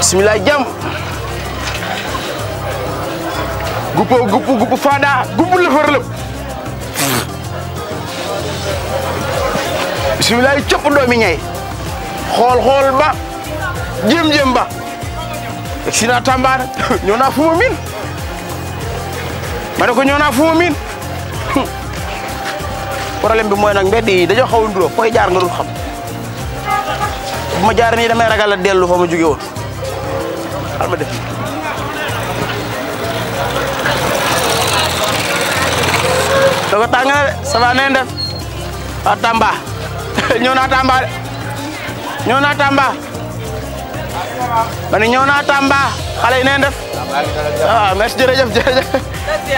Sembilan jam. Gupu gupu gupu fada, gupu leher lep. Bismillah cop do mi ñay. Xol xol ba. jam jëm ba. Sina tambar, ñona fuma min. Mané ko ñona fuma min. Problème bi moy nak jauh yi dañu xawul koy jaar bu ma jaar ni damay ragal delu dellu fa ma jóge woon xal ma def do ko tanga sa ba va neen def waa ah, Tamba ñëw naa Tamba ñëw naa Tamba ma ne ñëw naa Tamba xale ne def waaw ah, merci jere jërëjëf jërëjëf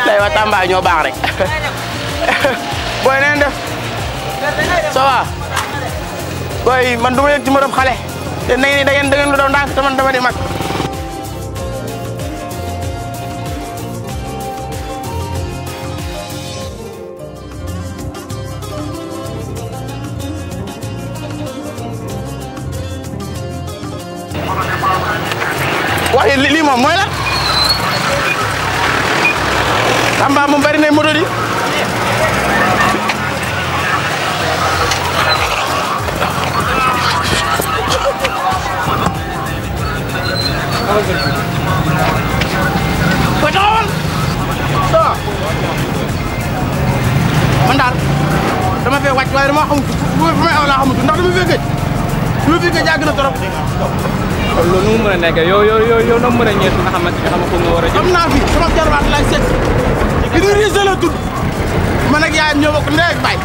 lay wa Tamba ñoo baax rek boy neen def ça va waaye man du ma leen ci morom xale te na ngeen da ngeen da ngeen lu doon ndànk te man dama di mag. waaye lii moom mooy lan Tamba moom bari na moto di. koy taxawal waaw man daal dama fee wàcc waaye dama xamut bu fu may aw laa xamut ndax dama fee gëj dama fee gëj yàgg na trop kon loolu nu mu mën a nekkee yow yow yow yow noo mën a ñëw fi nga xamante ne xam nga nga war a jëm. am naa fi sama jarbaat lay seet di riise la tudd man ak yaayam ñoo bokk ndey ak baay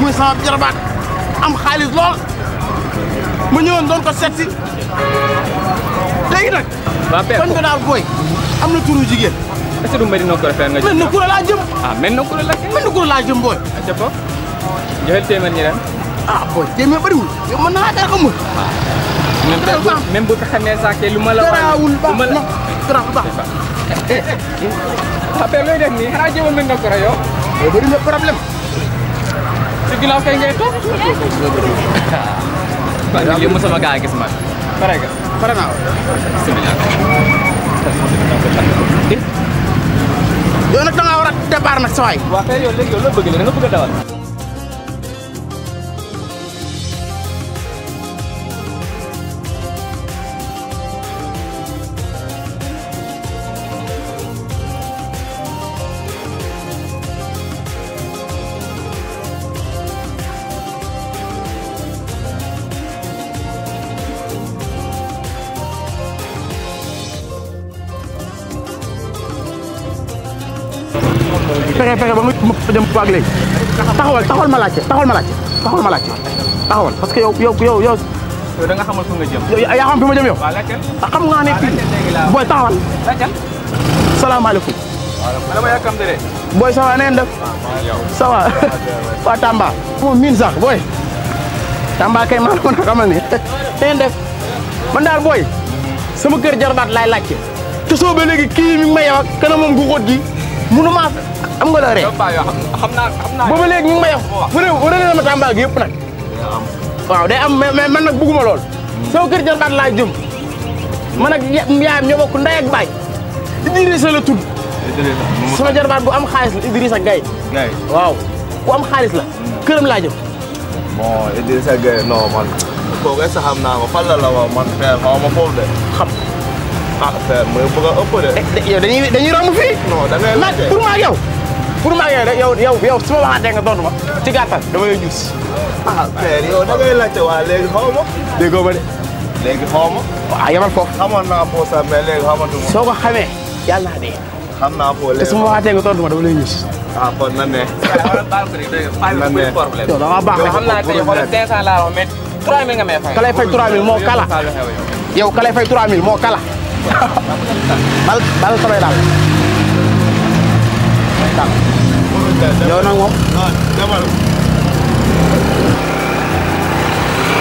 muy sama jarbaat am xaalis lool ma ñëwoon doon ko seet léegi nag. waa pexe kon nga daal booy am na est du mbéy mi noonu nga. mën na kuréel jëm. ah mën na la kay. mën na jëm booy. ah ca joxel téeméer ñi ren. ah booy téeméer bëriwul. yow mën naa dara xamul. waaw même bu xamee la. def na problème. kay ngay mu sama gis man pare pare naa yow nag da ngaa a fexe fexe ba nga dem faag léegi taxawal taxawal ma laajte taxawal ma laajte taxawal ma laajte taxawal parce que yow yow yow yow da nga xamal fu nga jëm yaa xam fi ma jëm yow xam nga ne fii Boy, taxawal salaamaaleykum booy sawa neen def sawa waa Tamba moom miin sax booy Tamba kay maa mën a xamal ne neen def man daal booy sama kër jarbaat laay laajte te soo ba léegi kii mi may yow kana moom gu xóot gi mënu am nga loo ree xam naa xam naa booba léegi ñu ngi may fu ne ma tàmbaa gi yëpp nag waaw day am mais man nag bugguma lool soo kër jarbaat laa jëm man ak yaayam ñoo bokk ndey ak baay Idrissa la tudd sama jarbaat bu am xaalis la Idrissa Gaye waaw ku am xaalis la këram laa jëm bon Idrissa Gaye non man kooku est-ce que xam naa ko fan la la waaw man père xaw ma foofu de xam ah père mooy bëgg a ëpp eh, de yow dañuy dañuy romb fii non da ngay laajte pour ma ak yow pour ma yow yow yow yow su ma waxantee nga doon ma ci gàttal dama lay ñuus. ah père yow da ngay laccé wa légui xaw ma. déggoo ma de. léegi xaw ma. waaw yamal foofu. xamoon naa foo sax mais légui xamatuma. soo ko xamee yàlla naa dee. xam naa foo léegi te nga doon ma dama lay ñuus. ah kon nan ne. nan ne yow da maa baax rek. yow xam naa tey xoolal 500 la wax mais 3000 nga may fay. ka fay 3000 mo kala. yow ka fay 3000 mo kala. bal bal samay daal. daal. yow nag moom.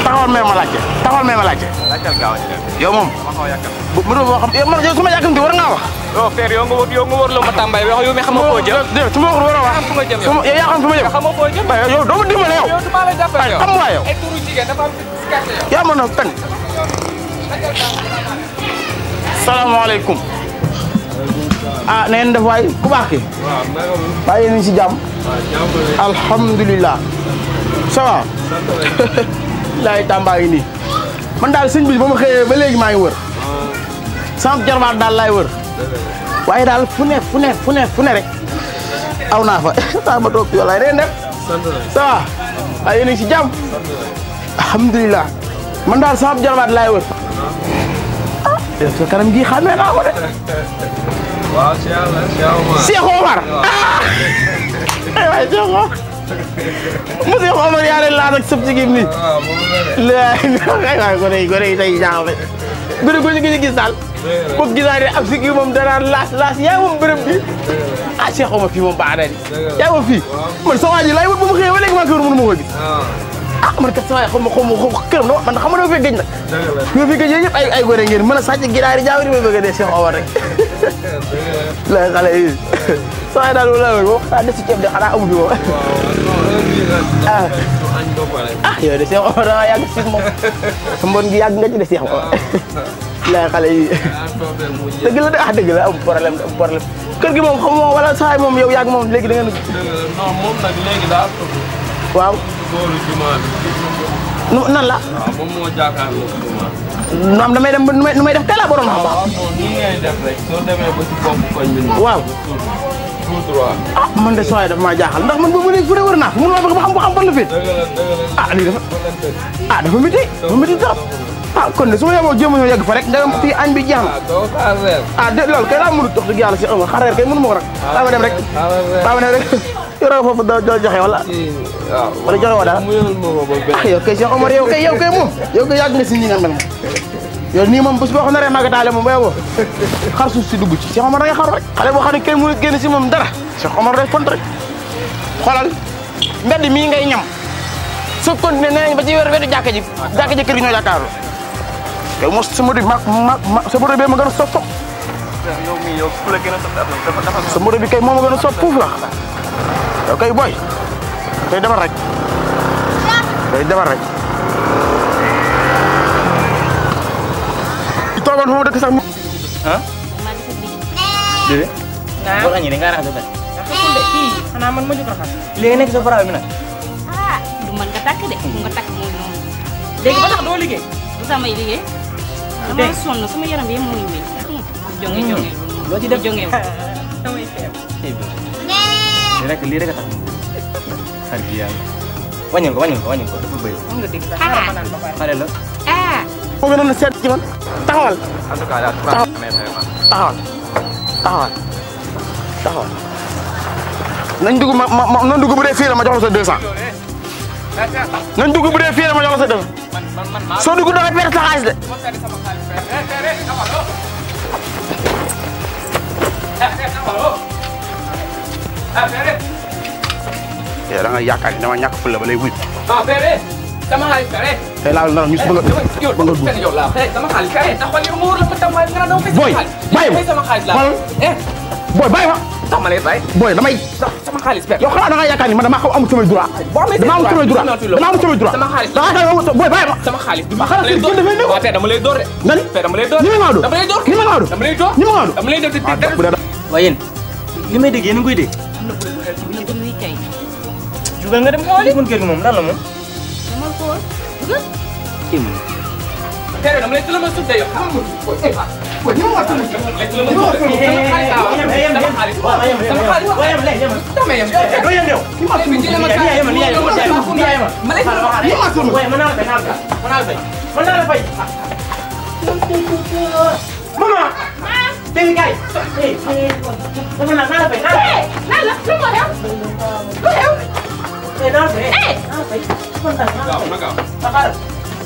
taxawal may ma laajte taxawal may ma laajte. laajteel gaaw a yow moom. ma xaw a yàqal bu doon boo xam yow man yow su ma yàqamti war ngaa wax. non Fer yow nga wër yow nga wër loo ma tàmbaay wax yow mi xam nga foo jëm. déedéet su ma waxul war a wax. xam nga jëm yow yaa xam fi ma jëm. xam nga foo jëm yow doo ma dimbale yow. yow du ma la jàppale yow xam nga yow. ay turu jigéen dafa am si kàtt yow. yaa ma nag tànn. salaamaaleykum. ah na def waay ku baax ki nañ ini. Mendal alhamdulilah ça va laay tàmbaa ngi man daal sëñ bi ba ma ba léegi maa wër ah. sama jarbaat daal laay wër waaye daal fu waaw Cheikh Omar Cheikh Omar. mu Cheikh Omar yaa leen laal ak sëb ci gim nii. waaw moom la de. gone yi gone yi bu ñu gis gis daal. bëgg gisaane si kii moom danaan laas laas yaa moom bërëb bi. ah Cheikh Omar fii moom baax na di. yaa fii man sa waa ji laay wut ba mu xëyee ba léegi maa ngi fi war a mën ah man kat saa yi xaw ma xaw ma këram na man xam nga dama fay gëj nag. dëgg la ñu fi gëj yëpp ay ay góor ngeen mën a sàcc ginaari jaaw di ma bëgg a dee Cheikh Omar rek. la xale yi saa yi daal wala moom xanaa des ci ceeb de xanaa amu fi moom. ah ah yow de Cheikh Omar da ngaa yàgg si moom sa mbon gi yàgg nga ci de Cheikh Omar la xale yi ah, dëgg la de ah dëgg la am problème am problème kër gi moom xam moom wala saa yi moom yow yàgg moom léegi da ngeen. dëgg la non moom nag léegi daal. waaw. góoru jumaa bi. nu nan la. waaw moom moo jàkkaarloo jumaa bi. maanaam damay dem nu may nu may def teel a borom xam-xam. waaw non nii ngay def rek soo demee ba ci bopp koñ bi. waaw tout droit. ah man de sooy daf maa jaaxal ndax man boobu léegi fu ne wër naa mun ma fexe ba xam ko xam fan la féet. dëgg la dëgg la ah lii dafa. ah dafa métti dafa métti trop. ah kon de su ma yeboo jéem a yegg fa rek nga dem fii añ bi jeex na ah, ah de loolu kay laa mënut wax dëgg yàlla si xam nga xaar kay mënu ma ko nag. xaaral ah, dem rek xaaral dem yoraw foofu da doo joxe wala wala joxe woo dara yow kay Cheikh Omar yow kay yow kay moom yow kay yàgg nga si ñi nga mel yow nii moom bés boo ko naree magataale moom boobu xar suuf si dugg ci Cheikh Omar da ngay xaru rek xale boo xam ne kenn mënu génn si moom dara Cheikh Omar day font rek xoolal mbedd mii ngay ñam soo continué nee nañ ba ci weer wetu jàkka ji jàkka ji kër gi ñoo jàkkaarloo yow mos sama di ma ma sama di bee ma gën a sopp yow mii yow ku la gën a Oke boy Okay, dapat rek kay demal rek itoban jadi nah bola ñi kan rax do ben xana man mo mu juga kan? Lihat sa faraw apa ah du katak nga tak de nga tak sama yaram ini. lo tidak jongi. jonge Ibu. Direk aku kata. Sargiang. Wanyong ko, wanyong ko, wanyong ko. Ano ba yun? Ya? Ang gating sa harapan ng lo? Eh! Kung ganun na siya, Jimon? Tahol! tahun, ka lahat? Tahol! Tahol! Tahol! Tahol! Nandugo ma ma ma dugu bude fira ma joxo sa 200. Nandugo bude fira ma joxo sa 200. Man So dugo da perte xaliss de. Eh eh eh, tawalo. Eh eh yàlla nga yaakaar ni dama ñàkk fële ba lay ah fere sama xaalis fere. tey laa nar ñu bëgg a bëgg dugg. sama xaalis fere. ndax wala yow la nga fay sama eh, eh boy, bàyyi ma. tax lay bàyyi. booy damay. sama xaalis fere. yow xanaa da nga yaakaar ni man damaa xaw amul samay droit. boo amee samay droit dama amul samay droit. sama xaalis da nga booy bàyyi ma. sama xaalis ma xaalis bi gën dafay néew. waaw tey dama lay door de. nan dama lay door ni ma ngaa dama lay door ni ma ngaa dama lay door ni ma dama lay Juga nggak ada mau pun kiri mom dalam mom. Nomor kor, juga. Kim. Kau nak itu lemas tu dah. Kamu, kau ni apa? Kau ni apa? Lepas lemas tu. Ayam, ayam, ayam, ayam, ayam, ayam, ayam, ayam, Tambah ayam. Kau yang dia. Ni masuk. Ni lemas tu. Ni ayam, ni ayam, ni ayam, ni ayam. Malaysia. Ni masuk. Kau yang mana lepas, mana lepas, mana lepas, mana lepas. Mama. Baby guy. Hey, hey. Mama nak nak lepas, nak. Nak, nak, nak. Kau yang. Kau yang. eh naa fee. naa fee kontaan naa fee. Bakar.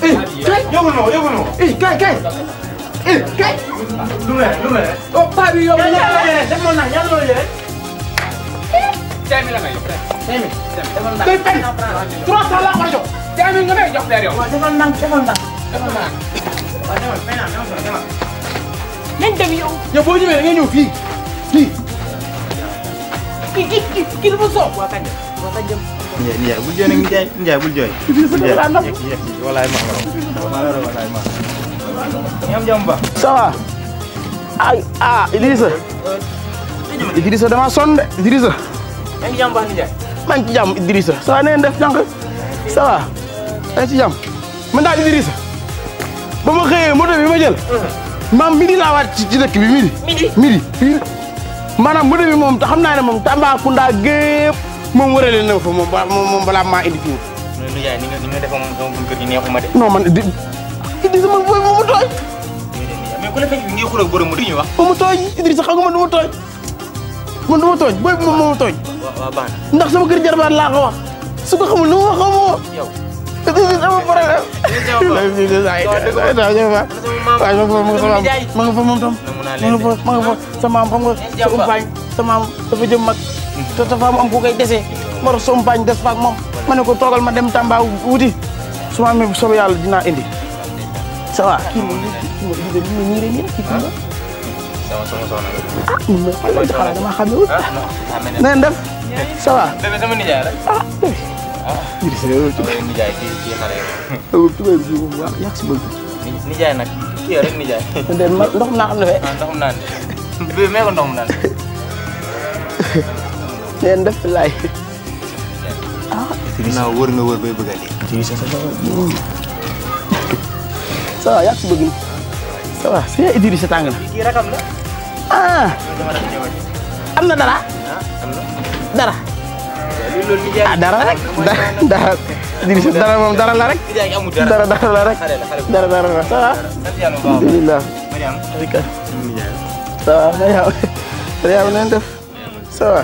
eh kay. yóbbu noo yóbbu noo. eh kay kay. eh kay. lu mel lu mel. oh paa bi yóbbu. defoon naa ñaata loo yore. cinq mille la may jox. cinq mille. defoon naa defoon naa. trois cent laa ko jox. cinq mille nga may jox leer yow. waaw defoon naa defoon naa. defoon naa. waaw defoon fay naa defoon naa defoon. nañ dem yow. yow boo ñëwee da ngay ñëw fii fii. kii kii kii kii dafa soob. waa kañ la waa kañ la. Njaay Njaay bul jooy nag Njaay Njaay bul jooy. walaay ma walaay jam ba. ça va. ay ah Idrissa. Idrissa dama sonn de Idrissa. yaa ngi jam ba Njaay. maa ngi jam Idrissa. ça va na ngeen def jànq. ça va. yaa jam. man daal Idrissa. ba ma xëyee moto bi ma jël. maam midi laa waat ci dëkk bi midi. midi midi. maanaam moto mom wërale na e fa mom balaa moom balaa indi fii. loolu nga man di Idrissa sama booy moomu tooñ. mais ku la fekk ngay xuloo borom mu di ñu wax. moomu tooñ Idrissa xam nga man du ma tooñ man du ma sama sama to to fam am ko kay dese gitu mar sompagne des fak mom mané ko togal ma dem tamba wuti suma me so yalla dina indi ça va ki mo ni mo ni ni ni ki ko sama sama sama ah dama xamé wut nen def ça va bébé sama ni ah Jadi saya itu Aku tuh yang juga yak Ini Nijai nak, iya ini nijai. Dan ndak nak lewe. Ndak nak. Bebe leen def lay ah wër nga wër bay bëgg a dee sa dawal ça va yaa ci bëgg ça va c'est Idrissa na kii rakam la ah am na dara dara dara rek dara Idrissa dara moom dara la rek dara dara la rek dara dara la ça va alhamdulillah ça va ça va ça va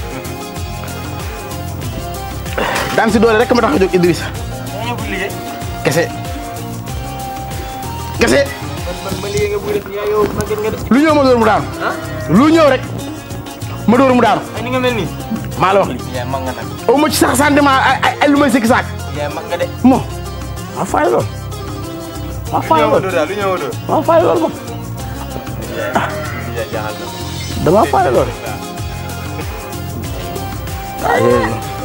dan si doole ya? rek ma tax a Idrissa. maa ngi lu ñew ma door mu daan lu ñew iya, ah. iya, rek ma door mu daan ni nga melni ma la wax li ya mag nga nak aw ma ci sax sentiment ay lu may sikki sax ya mag nga de. mo ma fay lol ma fay lol lu ñew do ma door maa fay lool moom. damaa fay lool. waaye.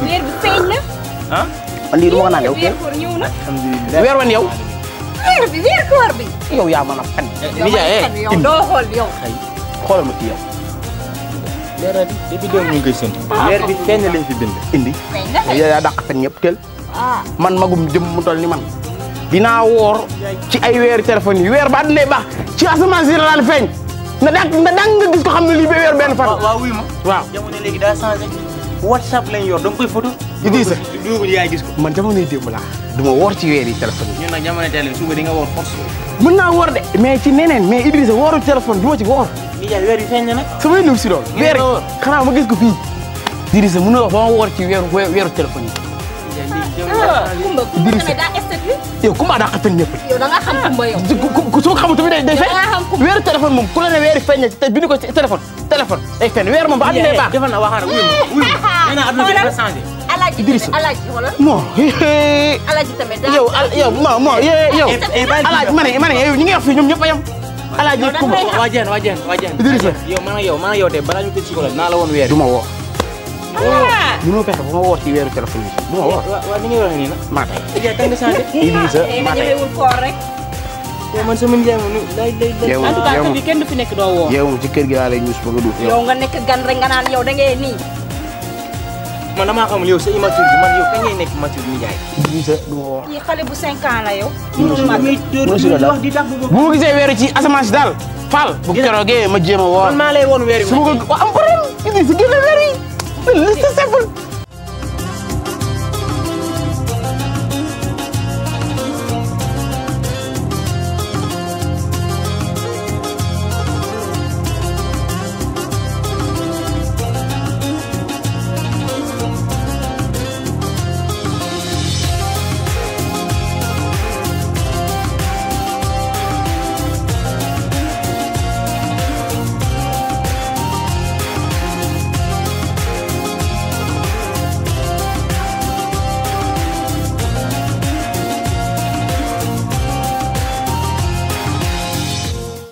weer bi feeñ na. ها عندي روما نان يو وير وين يو ويربي وير كوربي يو يا مانا فن نيجا ايه دوخول يو خول bi iya, iya, kan? bi doon ñu ngi seen bi kenn lañ fi indi ya ada kapan ya? tel man magum jëm ni man dinaa war? ci ay weeri téléphone yi weer ba ci asamaan si laal feeñ na dang na dang nga gis ko xam ne lii fan ma whatsapp lañ yor da koy photo Idrissa dugg yaay gis ko man jamono démb ci téléphone suba di nga woor force mën naa woor de mais ci neneen mais Idrissa wooru téléphone du ci woor ni jaay weer yi feeñ sama lu si doon weer xanaa ma gis ko fii Idrissa mën na ba ma ci weeru weeru téléphone yi kumba kumba daa estati yow kumba daa xatan ñëpp yow da nga xam kumba yow ku soo xamatu bi day feeñ weeru téléphone moom ku la ne weeri feeñ te bind ko ci téléphone alaaji Idrissa alaaji wala Yo, yo, tamit yow eh, yo, eh, eh, yo, mo yow alaaji ma yo, ma ne yow ñi ngi wax fii ñoom ñëpp a yo, alaaji yo, waajeen yo, waajeen Idrissa yow man ak yow man ak yow de balaa ñu ko ci ko la naa la woon weer du ma woo mënoo fexe bu ma woo ci weeru téléphone bi bu ma woo waaw ni ngay waxee nii nag maa tey ja tàng Yo, Idrissa maa tey ñëwul koor rek yow man sama njaay moom lay lay lay en tout cas kenn du fi nekk doo woo yow ci kër gi laa lay ñuus ba nga duuf yow nga nekk gan rek nga naan yow da ngay nii man damaa xamul yow sa immature bi man yow kañ ngay nekk mature bi Ndiaye. gisee du bu 5 ans la yow. wax di dàgg ci asamaan daal Fall. bu keroogee ma jéem a woon weer wi. su ma ko am si génne weer yi. c'est simple.